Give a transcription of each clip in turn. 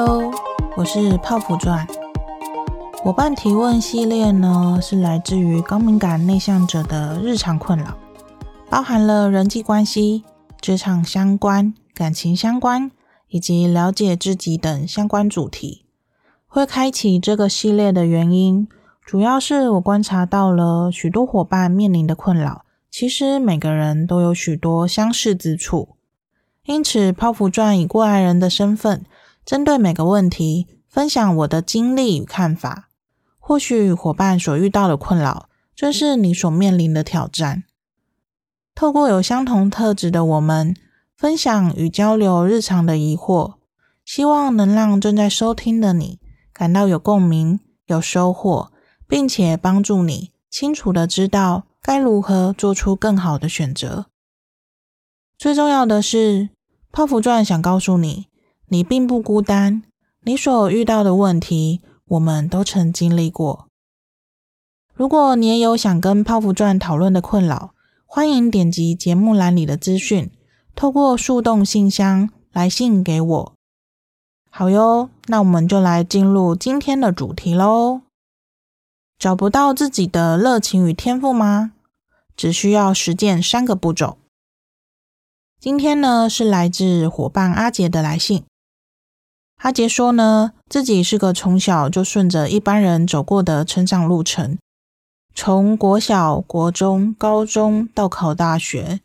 Hello，我是泡芙鑽。夥伴提問系列呢，是來自於高敏感內向者的日常困擾，包含了人際關係、職場相關、感情相關以及了解自己等相關主題。會開啟這個系列的原因，主要是我觀察到了許多夥伴面臨的困擾，其實每個人都有許多相似之處。因此，泡芙鑽以過來人的身份，針對每個問題，分享我的經歷與看法，或許夥伴所遇到的困擾，正是你所面臨的挑戰。透過有相同特質的我們，分享與交流日常的疑惑，希望能讓正在收聽的你感到有共鳴、有收穫，並且幫助你清楚的知道該如何做出更好的選擇。最重要的是，泡芙鑽想告訴你。你並不孤單，你所遇到的問題，我們都曾經歷過。如果你也有想跟泡芙鑽討論的困擾，歡迎點擊節目欄裡的資訊，透過樹洞信箱來信給我。好喲，那我們就來進入今天的主題嘍。找不到自己的熱情與天賦嗎？只需要實踐三個步驟。今天呢，是來自夥伴阿杰的來信。阿傑說呢，自己是個從小就順着一般人走過的成長路程，從國小、國中、高中到考大學，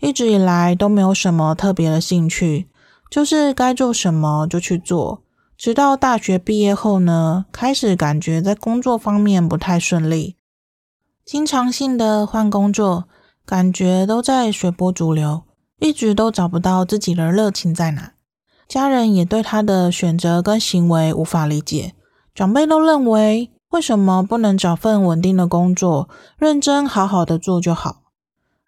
一直以來都沒有什麼特別的興趣，就是該做什麼就去做。直到大學畢業後呢，開始感覺在工作方面不太順利，經常性的換工作，感覺都在隨波逐流，一直都找不到自己的熱情在哪。家人也對他的選擇跟行為無法理解，長輩都認為為什麼不能找份穩定的工作，認真好好的做就好。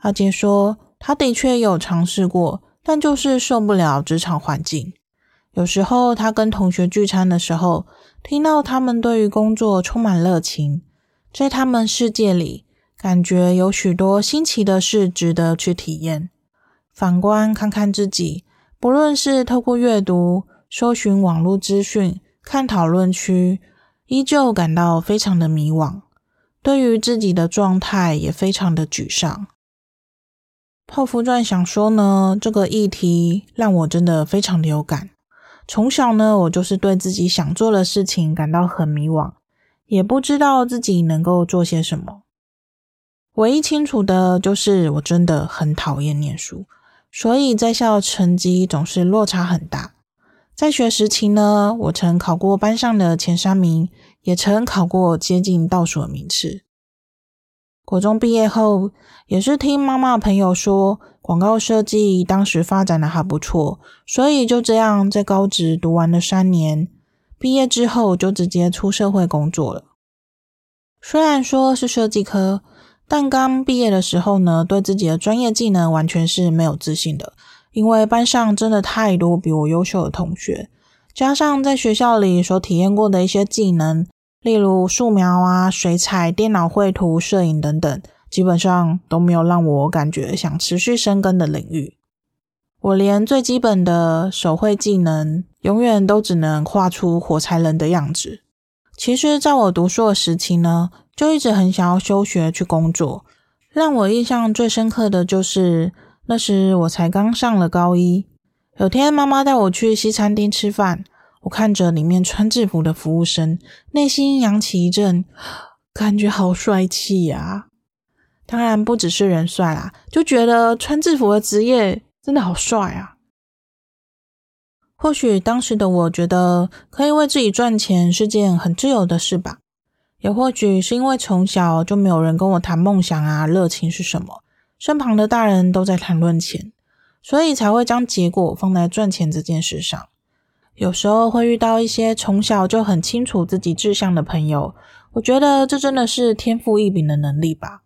阿杰說，他的確有嘗試過，但就是受不了職場環境。有時候他跟同學聚餐的時候，聽到他們對於工作充滿熱情，在他們世界裡，感覺有許多新奇的事值得去體驗。反觀看看自己。不論是透過閱讀、搜尋網絡資訊、看討論區，依舊感到非常的迷惘，對於自己的狀態也非常的沮喪。泡芙鑽想說呢，這個議題讓我真的非常的有感。從小呢，我就是對自己想做的事情感到很迷惘，也不知道自己能夠做些什麼。唯一清楚的就是，我真的很討厭念書。所以在校成績總是落差很大。在學時期呢，我曾考過班上的前三名，也曾考過接近倒數的名次。國中畢業後，也是聽媽媽的朋友說，廣告設計當時發展得還不錯，所以就這樣在高職讀完了三年，畢業之後就直接出社會工作了。雖然說是設計科。但剛畢業的時候呢，對自己的專業技能完全是沒有自信的，因為班上真的太多比我優秀的同學，加上在學校裡所體驗過的一些技能，例如素描啊、水彩、電腦繪圖、攝影等等，基本上都沒有讓我感覺想持續深耕的領域。我連最基本的手繪技能，永遠都只能畫出火柴人的樣子。其實，在我讀書的時期呢，就一直很想要休學去工作。讓我印象最深刻的就是那時我才剛上了高一。有天媽媽帶我去西餐廳吃飯，我看着裡面穿制服的服務生，內心揚起一陣，感覺好帥氣啊！當然不只是人帥啦，啊，就覺得穿制服的職業真的好帥啊。或許當時的我覺得可以為自己賺錢是件很自由的事吧。也或許是因為從小就沒有人跟我談夢想啊，熱情是什麼，身旁的大人都在談論錢，所以才會將結果放在賺錢這件事上。有時候會遇到一些從小就很清楚自己志向的朋友，我覺得這真的是天賦異稟的能力吧。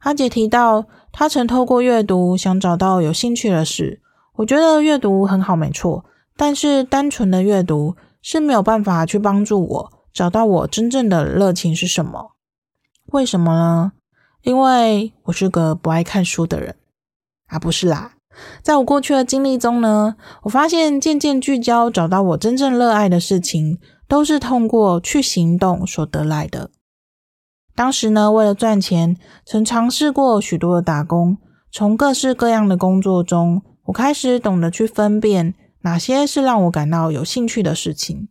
阿杰提到，他曾透過閱讀想找到有興趣的事，我覺得閱讀很好沒錯，但是單純的閱讀是沒有辦法去幫助我，找到我真正的熱情是什麼？為什麼呢？因為我是個不愛看書的人啊，不是啦。在我過去的經歷中呢，我發現漸漸聚焦，找到我真正熱愛的事情，都是通過去行動所得來的。當時呢，為了賺錢，曾嘗試過許多的打工。從各式各樣的工作中，我開始懂得去分辨哪些是讓我感到有興趣的事情。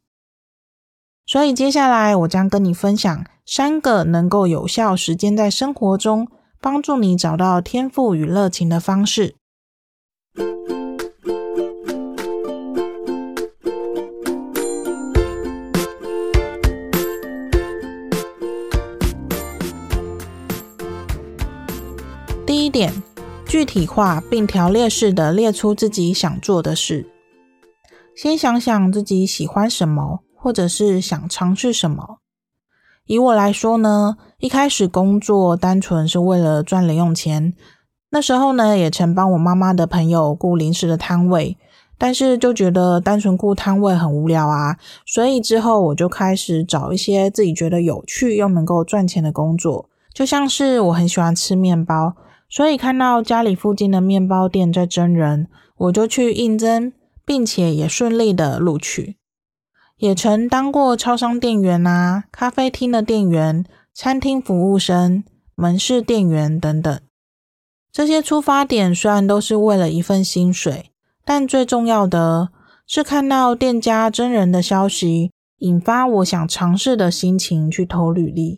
所以，接下來我將跟你分享三個能夠有效實踐在生活中，幫助你找到天賦與熱情的方式。第一點，具體化並條列式的列出自己想做的事。先想想自己喜歡什麼。或者是想嘗試什麼？以我來說呢，一開始工作單純是為了賺零用錢。那時候呢，也曾幫我媽媽的朋友顧臨時的攤位，但是就覺得單純顧攤位很無聊啊，所以之後我就開始找一些自己覺得有趣又能夠賺錢的工作。就像是我很喜歡吃麵包，所以看到家裡附近的麵包店在徵人，我就去應徵，並且也順利的錄取。也曾當過超商店員啊，咖啡廳的店員、餐廳服務生、門市店員等等。這些出發點雖然都是為了一份薪水，但最重要的是看到店家真人的消息，引發我想嘗試的心情去投履歷。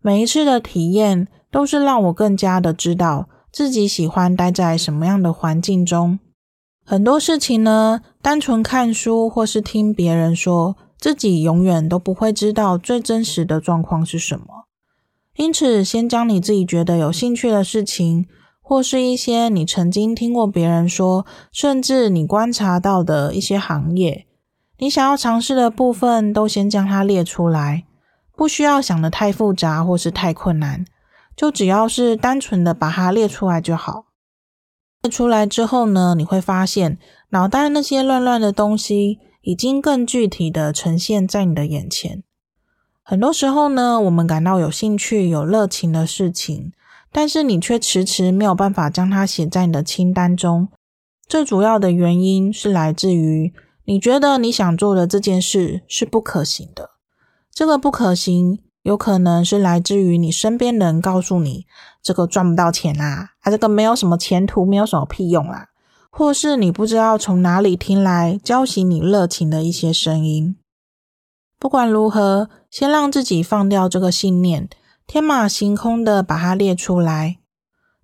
每一次的體驗都是讓我更加的知道自己喜歡待在什麼樣的環境中。很多事情呢，單純看書或是聽別人說，自己永遠都不會知道最真實的狀況是什麼。因此，先將你自己覺得有興趣的事情，或是一些你曾經聽過別人說，甚至你觀察到的一些行業，你想要嘗試的部分，都先將它列出來。不需要想得太複雜或是太困難，就只要是單純的把它列出來就好。出來之後呢，你會發現腦袋那些亂亂的東西已經更具體的呈現在你的眼前。很多時候呢，我們感到有興趣、有熱情的事情，但是你卻遲遲沒有辦法將它寫在你的清單中。最主要的原因是來自於你覺得你想做的這件事是不可行的。這個不可行，有可能是來自於你身邊的人告訴你這個賺不到錢啦、啊，他、啊、這個沒有什麼前途，沒有什麼屁用啦、啊，或是你不知道從哪裡聽來澆熄你熱情的一些聲音。不管如何，先讓自己放掉這個信念，天馬行空的把它列出來。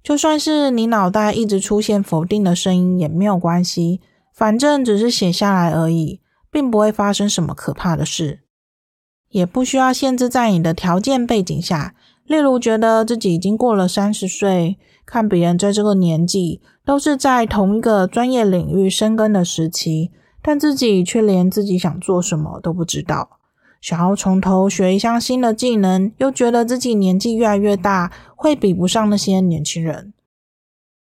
就算是你腦袋一直出現否定的聲音也沒有關係，反正只是寫下來而已，並不會發生什麼可怕的事。也不需要限制在你的條件背景下，例如覺得自己已經過了三十歲，看別人在這個年紀都是在同一個專業領域深耕的時期，但自己卻連自己想做什麼都不知道。想要從頭學一項新的技能，又覺得自己年紀越來越大，會比不上那些年輕人。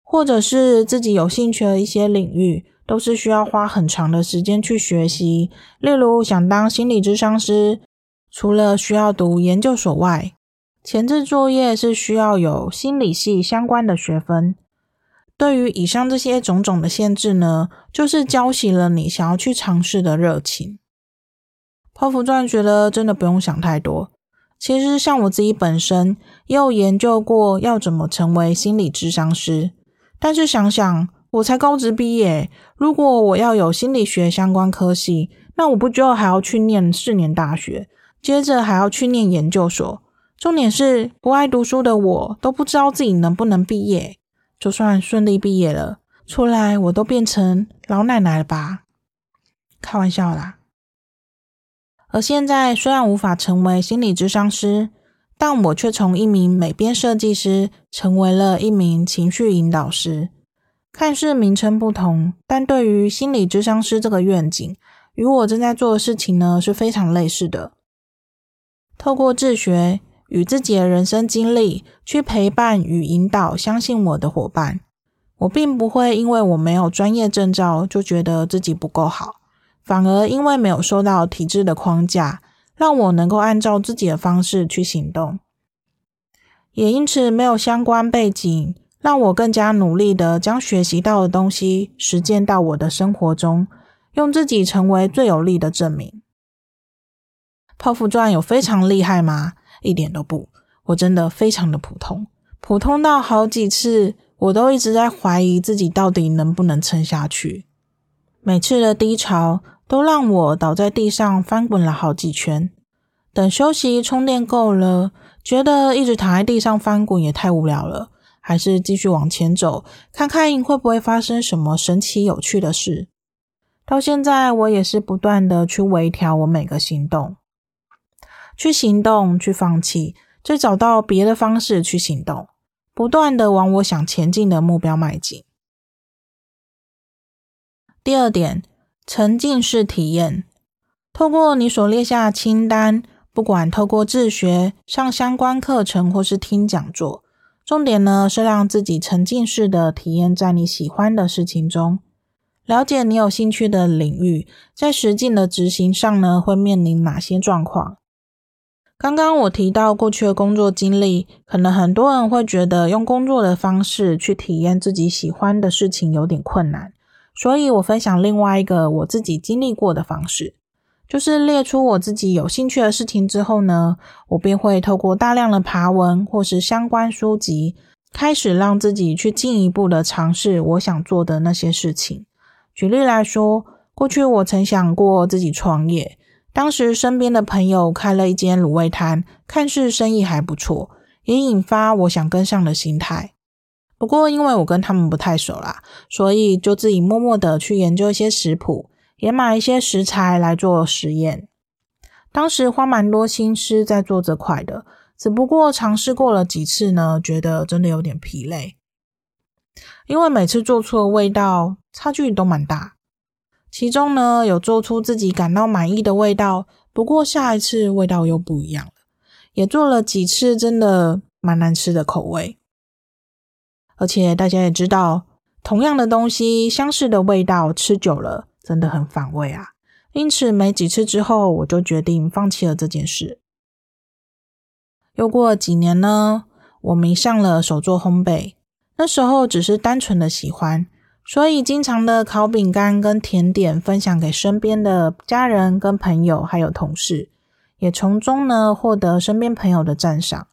或者是自己有興趣的一些領域，都是需要花很長的時間去學習，例如想當心理諮商師。除了需要讀研究所外，前置作業是需要有心理系相關的學分。對於以上這些種種的限制呢，就是澆熄了你想要去嘗試的熱情。泡芙鑽覺得真的不用想太多。其實像我自己本身也有研究過要怎麼成為心理諮商師，但是想想我才高職畢業，如果我要有心理學相關科系，那我不就還要去念四年大學？接着還要去念研究所，重點是不愛讀書的我都不知道自己能不能畢業。就算順利畢業了，出來我都變成老奶奶了吧？開玩笑啦。而現在雖然無法成為心理諮商師，但我卻從一名美編設計師成為了一名情緒引導師。看似名稱不同，但對於心理諮商師這個願景，與我正在做的事情呢是非常類似的。透過自學與自己的人生經歷去陪伴與引導相信我的夥伴，我並不會因為我沒有專業證照就覺得自己不夠好，反而因為沒有受到體制的框架，讓我能夠按照自己的方式去行動，也因此沒有相關背景，讓我更加努力地將學習到的東西實踐到我的生活中，用自己成為最有力的證明。泡芙鑽有非常厲害嗎？一點都不，我真的非常的普通，普通到好幾次我都一直在懷疑自己到底能不能撐下去。每次的低潮都讓我倒在地上翻滾了好幾圈。等休息充電夠了，覺得一直躺在地上翻滾也太無聊了，還是繼續往前走，看看會不會發生什麼神奇有趣的事。到現在，我也是不斷的去微調我每個行動。去行動，去放棄，再找到別的方式去行動，不斷地往我想前進的目標邁進。第二點，沉浸式體驗。透過你所列下的清單，不管透過自學、上相關課程或是聽講座，重點呢是讓自己沉浸式的體驗在你喜歡的事情中，了解你有興趣的領域，在實際的執行上呢，會面臨哪些狀況？剛剛我提到過去的工作經歷，可能很多人會覺得用工作的方式去體驗自己喜歡的事情有點困難，所以我分享另外一個我自己經歷過的方式，就是列出我自己有興趣的事情之後呢，我便會透過大量的爬文或是相關書籍，開始讓自己去進一步的嘗試我想做的那些事情。舉例來說，過去我曾想過自己創業。當時身邊的朋友開了一間滷味攤，看似生意還不錯，也引發我想跟上的心態。不過因為我跟他們不太熟啦，所以就自己默默的去研究一些食譜，也買一些食材來做實驗。當時花蠻多心思在做這塊的，只不過嘗試過了幾次呢，覺得真的有點疲累。因為每次做出的味道差距都蠻大。其中呢，有做出自己感到滿意的味道，不過下一次味道又不一樣了。也做了幾次真的蠻難吃的口味，而且大家也知道，同樣的東西，相似的味道，吃久了真的很反胃啊。因此，沒幾次之後，我就決定放棄了這件事。又過了幾年呢，我迷上了手作烘焙，那時候只是單純的喜歡。所以，經常的烤餅乾跟甜點分享給身邊的家人、跟朋友，還有同事，也從中呢獲得身邊朋友的讚賞。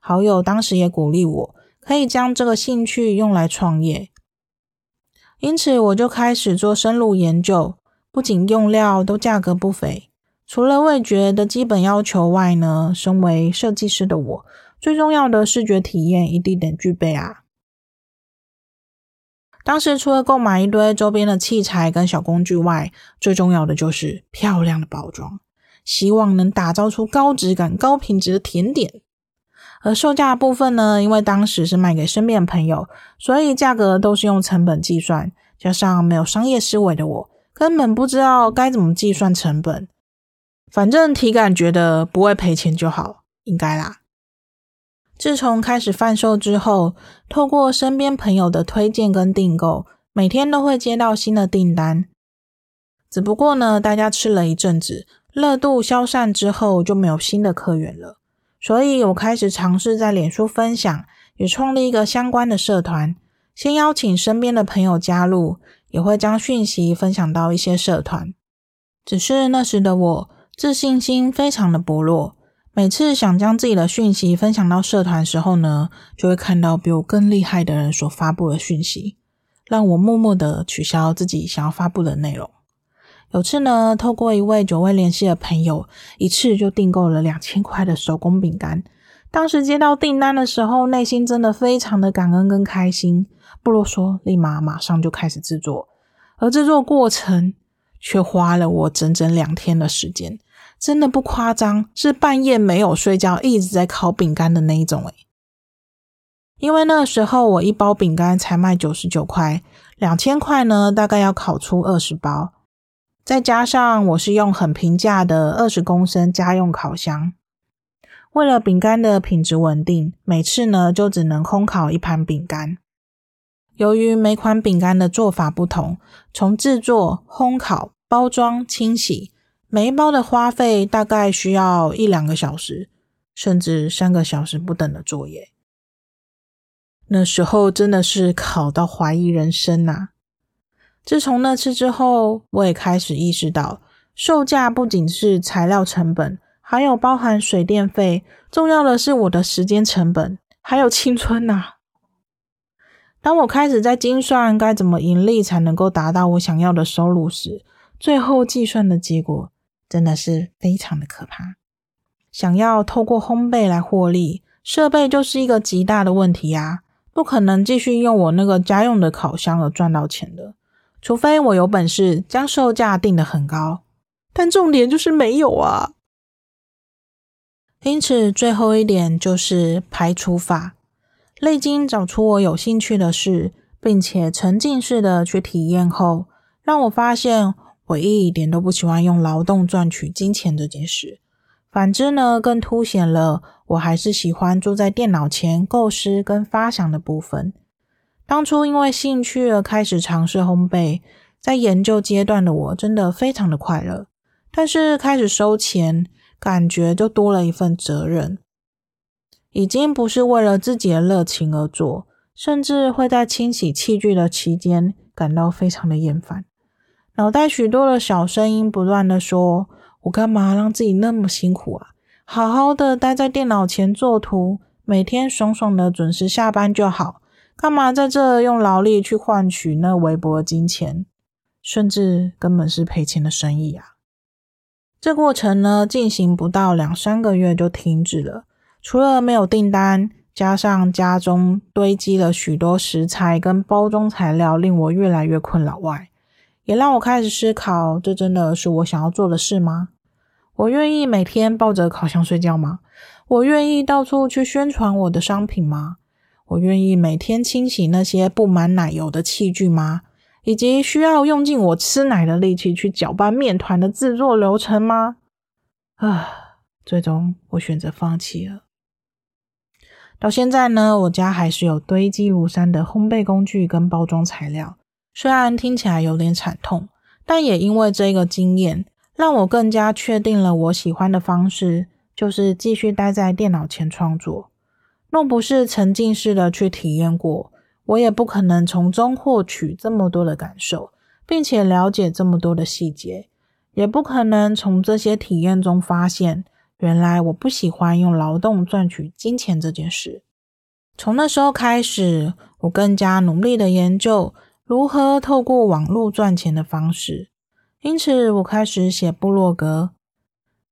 好友當時也鼓勵我，可以將這個興趣用來創業。因此，我就開始做深入研究。不僅用料都價格不菲，除了味覺的基本要求外呢，身為設計師的我，最重要的視覺體驗一定得具備啊。當時除了購買一堆周邊的器材跟小工具外，最重要的就是漂亮的包裝，希望能打造出高質感、高品質的甜點。而售價部分呢，因為當時是賣給身邊的朋友，所以價格都是用成本計算。加上沒有商業思維的我，根本不知道該怎麼計算成本。反正體感覺得不會賠錢就好，應該啦。自從開始販售之後，透過身邊朋友的推薦跟訂購，每天都會接到新的訂單。只不過呢，大家吃了一陣子，熱度消散之後，就沒有新的客源了。所以我開始嘗試在臉書分享，也創立一個相關的社團，先邀請身邊的朋友加入，也會將訊息分享到一些社團。只是那時的我，自信心非常的薄弱。每次想將自己的訊息分享到社團時候呢，就會看到比我更厲害的人所發佈的訊息，讓我默默的取消自己想要發佈的內容。有次呢，透過一位久未聯繫的朋友，一次就訂購了兩千塊的手工餅乾。當時接到訂單的時候，內心真的非常的感恩跟開心，不囉嗦，立馬馬上就開始製作，而製作過程卻花了我整整兩天的時間。真的不誇張，是半夜沒有睡覺一直在烤餅乾的那一種誒、欸。因為那時候我一包餅乾才賣九十九塊，兩千塊呢大概要烤出二十包。再加上我是用很平價的二十公升家用烤箱，為了餅乾的品質穩定，每次呢就只能烘烤一盤餅乾。由於每款餅乾的做法不同，從製作、烘烤、包裝、清洗，每一包的花費大概需要一兩個小時，甚至三個小時不等的作業。那時候真的是烤到懷疑人生吶、啊！自從那次之後，我也開始意識到，售價不僅是材料成本，還有包含水電費，重要的是我的時間成本，還有青春吶、啊！當我開始在精算該怎麼盈利才能夠達到我想要的收入時，最後計算的結果，真的是非常的可怕。想要透過烘焙來獲利，設備就是一個極大的問題啊！不可能繼續用我那個家用的烤箱而賺到錢的，除非我有本事將售價定得很高。但重點就是沒有啊！因此，最後一點就是排除法，內經找出我有興趣的事，並且沉浸式的去體驗後，讓我發現。我一點都不喜歡用勞動賺取金錢這件事。反之呢，更凸顯了我還是喜歡坐在電腦前構思跟發想的部分。當初因為興趣而開始嘗試烘焙，在研究階段的我真的非常的快樂。但是開始收錢，感覺就多了一份責任，已經不是為了自己的熱情而做，甚至會在清洗器具的期間感到非常的厭煩。腦袋許多的小聲音不斷的說：“我幹嘛讓自己那麼辛苦啊？好好的待在電腦前做圖，每天爽爽的準時下班就好。幹嘛在這兒用勞力去換取那微薄的金錢？甚至根本是賠錢的生意啊！”這過程呢，進行不到兩三個月就停止了。除了沒有訂單，加上家中堆積了許多食材跟包裝材料，令我越來越困擾外，也讓我開始思考，這真的是我想要做的事嗎？我願意每天抱着烤箱睡覺嗎？我願意到處去宣傳我的商品嗎？我願意每天清洗那些布滿奶油的器具嗎？以及需要用盡我吃奶的力氣去攪拌麵團的製作流程嗎？啊，最終我選擇放棄了。到現在呢，我家還是有堆積如山的烘焙工具跟包裝材料。雖然聽起來有點慘痛，但也因為這個經驗，讓我更加確定了我喜歡的方式就是繼續待在電腦前創作。若不是沉浸式的去體驗過，我也不可能從中獲取這麼多的感受，並且了解這麼多的細節，也不可能從這些體驗中發現原來我不喜歡用勞動賺取金錢這件事。從那時候開始，我更加努力的研究。如何透過網絡賺錢的方式？因此，我開始寫部落格，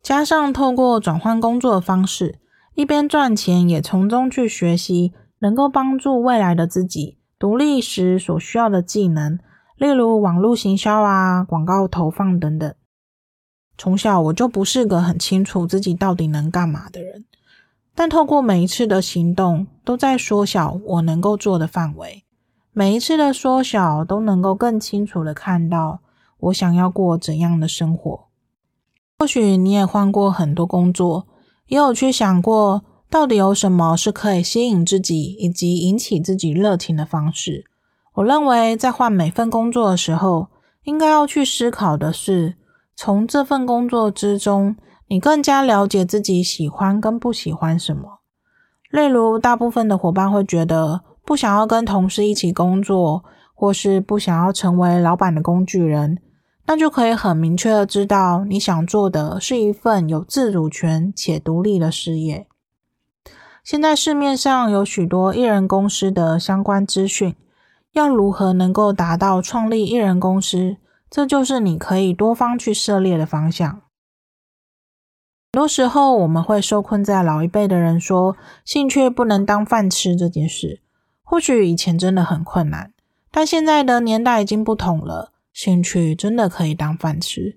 加上透過轉換工作的方式，一邊賺錢，也從中去學習能夠幫助未來的自己獨立時所需要的技能，例如網絡行銷啊、廣告投放等等。從小我就不是個很清楚自己到底能幹嘛的人，但透過每一次的行動，都在縮小我能夠做的範圍。每一次的縮小都能夠更清楚的看到我想要過怎樣的生活。或許你也換過很多工作，也有去想過到底有什麼是可以吸引自己以及引起自己熱情的方式。我認為在換每份工作的時候，應該要去思考的是，從這份工作之中，你更加了解自己喜歡跟不喜歡什麼。例如，大部分的夥伴會覺得，不想要跟同事一起工作，或是不想要成為老闆的工具人，那就可以很明確的知道，你想做的是一份有自主權且獨立的事業。現在市面上有許多藝人公司的相關資訊，要如何能夠達到創立藝人公司，這就是你可以多方去涉獵的方向。很多時候，我們會受困在老一輩的人說“興趣不能當飯吃”這件事。或許以前真的很困難，但現在的年代已經不同了。興趣真的可以當飯吃，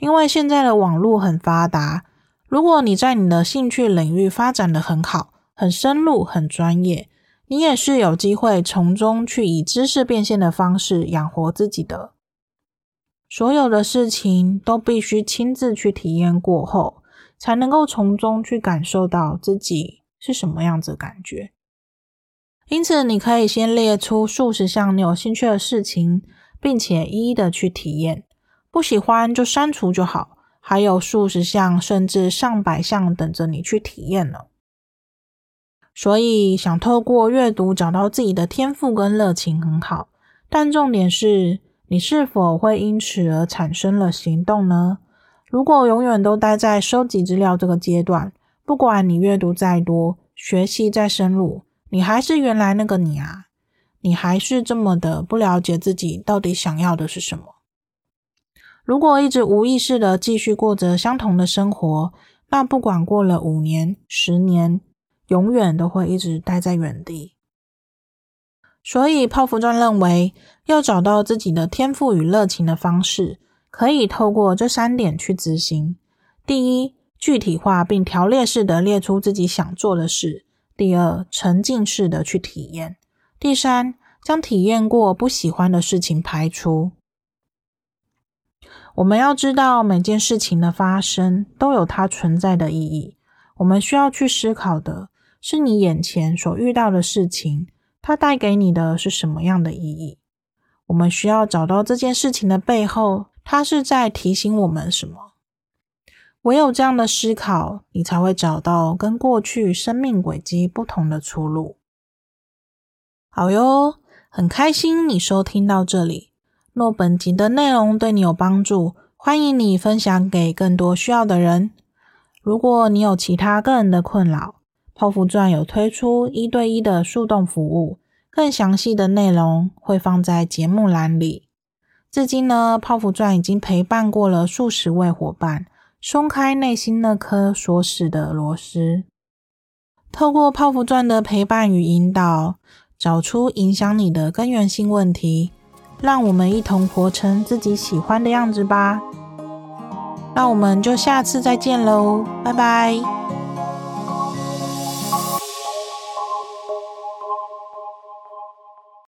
因為現在的網絡很發達。如果你在你的興趣領域發展得很好、很深入、很專業，你也是有機會從中去以知識變現的方式養活自己的。所有的事情都必須親自去體驗過後，才能夠從中去感受到自己是什麼樣子的感覺。因此，你可以先列出數十項你有興趣的事情，並且一一的去體驗，不喜歡就刪除就好。還有數十項，甚至上百項等着你去體驗呢。所以，想透過閱讀找到自己的天賦跟熱情很好，但重點是你是否會因此而產生了行動呢？如果永遠都待在收集資料這個階段，不管你閱讀再多，學習再深入，你還是原來那個你啊，你還是這麼的不了解自己到底想要的是什麼。如果一直無意識的繼續過着相同的生活，那不管過了五年、十年，永遠都會一直待在原地。所以泡芙鑽認為，要找到自己的天賦與熱情的方式，可以透過這三點去執行：第一，具體化並條列式的列出自己想做的事。第二，沉浸式的去體驗；第三，將體驗過不喜歡的事情排除。我們要知道，每件事情的發生都有它存在的意義。我們需要去思考的是，你眼前所遇到的事情，它帶給你的是什麼樣的意義？我們需要找到這件事情的背後，它是在提醒我們什麼？唯有這樣的思考，你才會找到跟過去生命軌跡不同的出路。好喲，很開心你收聽到這裡。若本集的內容對你有幫助，歡迎你分享給更多需要的人。如果你有其他個人的困擾，泡芙鑽有推出一對一的樹洞服務。更詳細的內容會放在節目欄裡。至今呢，泡芙鑽已經陪伴過了數十位伙伴。鬆開內心那顆鎖死的螺絲，透過泡芙鑽的陪伴與引導，找出影響你的根源性問題，讓我們一同活成自己喜歡的樣子吧。那我們就下次再見嘍，拜拜。